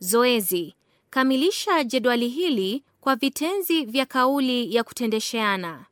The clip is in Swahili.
Zoezi: kamilisha jedwali hili kwa vitenzi vya kauli ya kutendesheana.